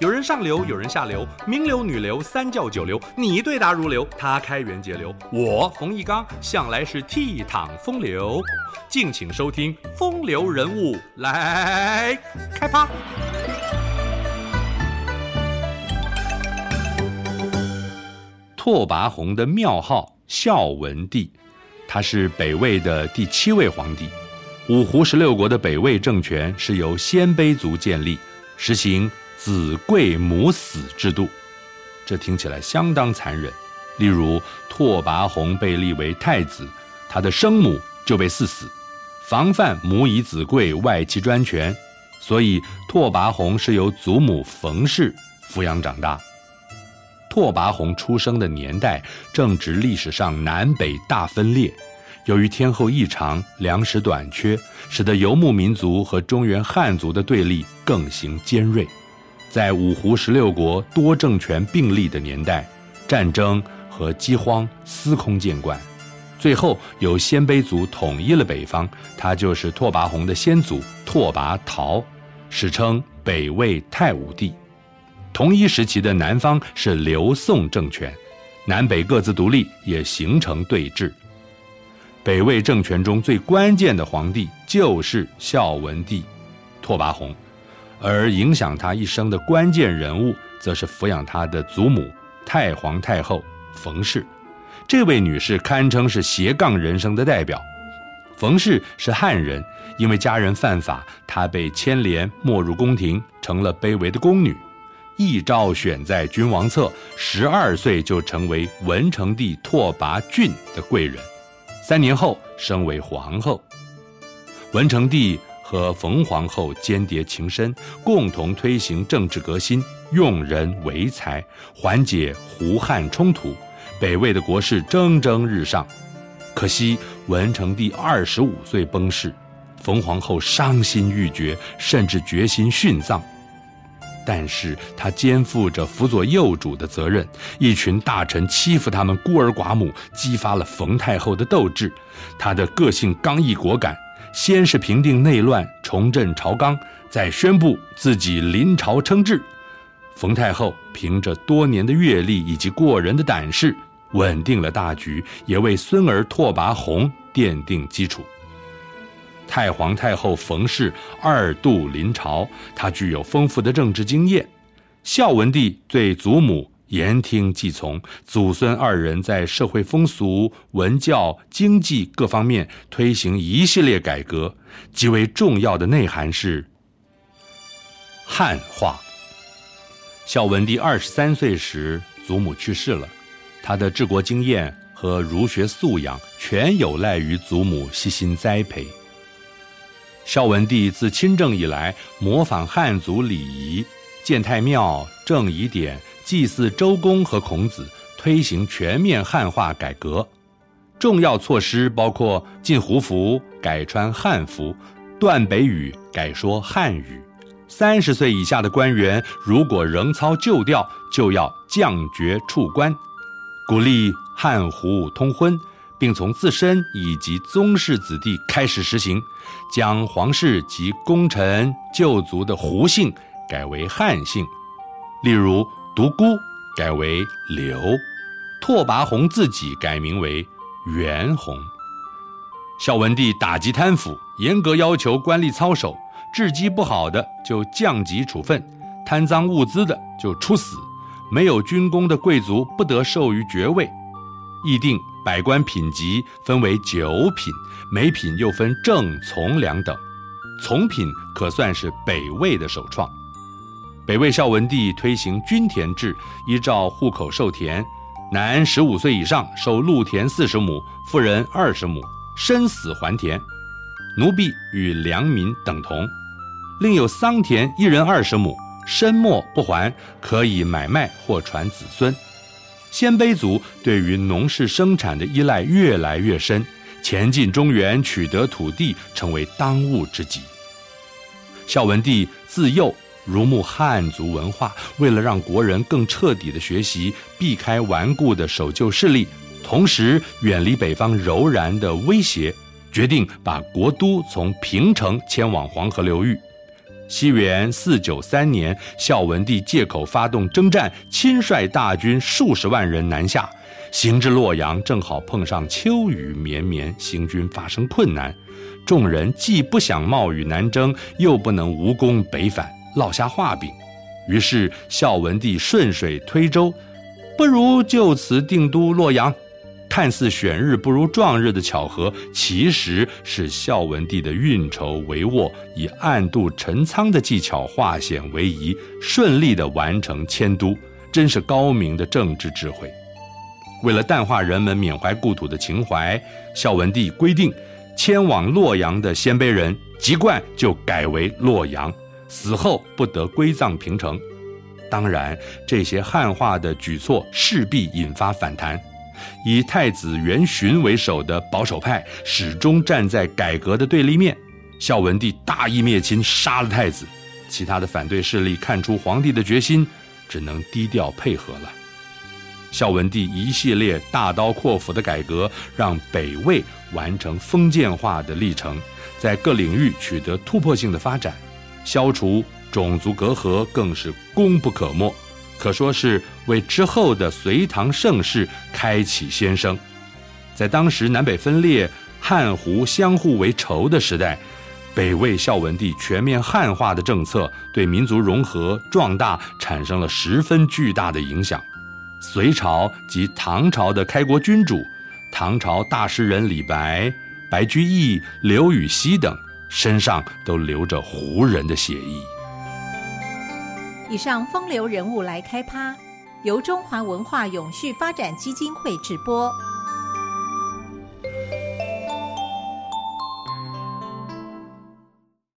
有人上流，有人下流，名流、女流、三教九流，你對答如流，他開源節流。我馮翊綱向來是倜儻風流，敬請收聽《風流人物》來開趴。拓跋宏的廟號孝文帝，他是北魏的第七位皇帝。五胡十六國的北魏政權是由鮮卑族建立，實行子貴母死制度，這聽起來相當殘忍。例如，拓跋宏被立為太子，他的生母就被賜死，防範母以子貴外戚專權。所以，拓跋宏是由祖母馮氏撫養長大。拓跋宏出生的年代正值歷史上南北大分裂，由於天候異常、糧食短缺，使得游牧民族和中原漢族的對立更形尖銳。在五胡十六國多政權並立的年代，戰爭和饑荒司空見慣。最後由鮮卑族統一了北方，他就是拓跋宏的先祖拓跋燾，史稱北魏太武帝。同一時期的南方是劉宋政權，南北各自獨立，也形成對峙。北魏政權中最關鍵的皇帝就是孝文帝，拓跋宏。而影響他一生的關鍵人物，則是撫養他的祖母太皇太后馮氏。這位女士堪稱是斜槓人生的代表。馮氏是漢人，因為家人犯法，她被牽連沒入宮廷，成了卑微的宮女。一朝選在君王側，十二歲就成為文成帝拓跋浚的貴人，三年後升為皇後。文成帝。和馮皇后鶼鰈情深，共同推行政治革新，用人為才，緩解胡漢衝突，北魏的國勢蒸蒸日上。可惜文成帝二十五歲崩逝，馮皇后傷心欲絕，甚至決心殉葬。但是她肩負着輔佐幼主的責任，一群大臣欺負他們孤兒寡母，激發了馮太後的鬥志。她的個性剛毅果敢。先是平定內亂，重振朝綱，再宣布自己臨朝稱制。馮太后憑着多年的閱歷以及過人的膽識，穩定了大局，也為孫兒拓跋宏奠定基礎。太皇太后馮氏二度臨朝，她具有豐富的政治經驗。孝文帝對祖母。言聽計從，祖孫二人在社會風俗、文教、經濟各方面推行一系列改革，極為重要的內涵是漢化。孝文帝二十三歲時，祖母去世了，他的治國經驗和儒學素養全有賴於祖母悉心栽培。孝文帝自親政以來，模仿漢族禮儀，建太廟正義，正儀典。祭祀周公和孔子，推行全面漢化改革。重要措施包括禁胡服，改穿漢服；斷北語，改說漢語。三十歲以下的官員如果仍操舊調，就要降爵黜官。鼓勵漢胡通婚，並從自身以及宗室子弟開始實行，將皇室及功臣舊族的胡姓改為漢姓，例如。獨孤改為劉，拓跋宏自己改名為元宏。孝文帝打擊貪腐，嚴格要求官吏操守，治績不好的就降級處分，貪贓物資的就處死，沒有軍功的貴族不得授予爵位。議定百官品級分為九品，每品又分正從兩等，從品可算是北魏的首創。北魏孝文帝推行均田制，依照戶口授田，男十五歲以上授露田四十畝，婦人二十畝，生死還田；奴婢與良民等同。另有桑田一人二十畝，身歿不還，可以買賣或傳子孫。鮮卑族對於農事生產的依賴越來越深，前進中原取得土地成為當務之急。孝文帝自幼如沐漢族文化，為了讓國人更徹底的學習，避開頑固的守舊勢力，同時遠離北方柔然的威脅，決定把國都從平城遷往黃河流域。西元四九三年，孝文帝借口發動征戰，親率大軍數十萬人南下，行至洛陽，正好碰上秋雨綿綿，行軍發生困難。眾人既不想冒雨南征，又不能無功北返，落下話柄，於是孝文帝順水推舟，不如就此定都洛陽。看似選日不如撞日的巧合，其實是孝文帝的運籌帷幄，以暗度陳倉的技巧化險為夷，順利地完成遷都，真是高明的政治智慧。為了淡化人們緬懷故土的情懷，孝文帝規定，遷往洛陽的鮮卑人籍貫就改為洛陽死後不得歸葬平城。當然，這些漢化的舉措勢必引發反彈。以太子元恂為首的保守派始終站在改革的對立面。孝文帝大義滅親，殺了太子。其他的反對勢力看出皇帝的決心，只能低調配合了。孝文帝一系列大刀闊斧的改革，讓北魏完成封建化的歷程，在各領域取得突破性的發展。消除種族隔閡更是功不可沒，可說是為之後的隋唐盛世開啟先聲。在當時南北分裂、漢胡相互為仇的時代，北魏孝文帝全面漢化的政策對民族融合壯大產生了十分巨大的影響。隋朝及唐朝的開國君主，唐朝大詩人李白、白居易、劉禹錫等。身上都流着胡人的血液。以上風流人物來開趴，由中華文化永續發展基金會直播。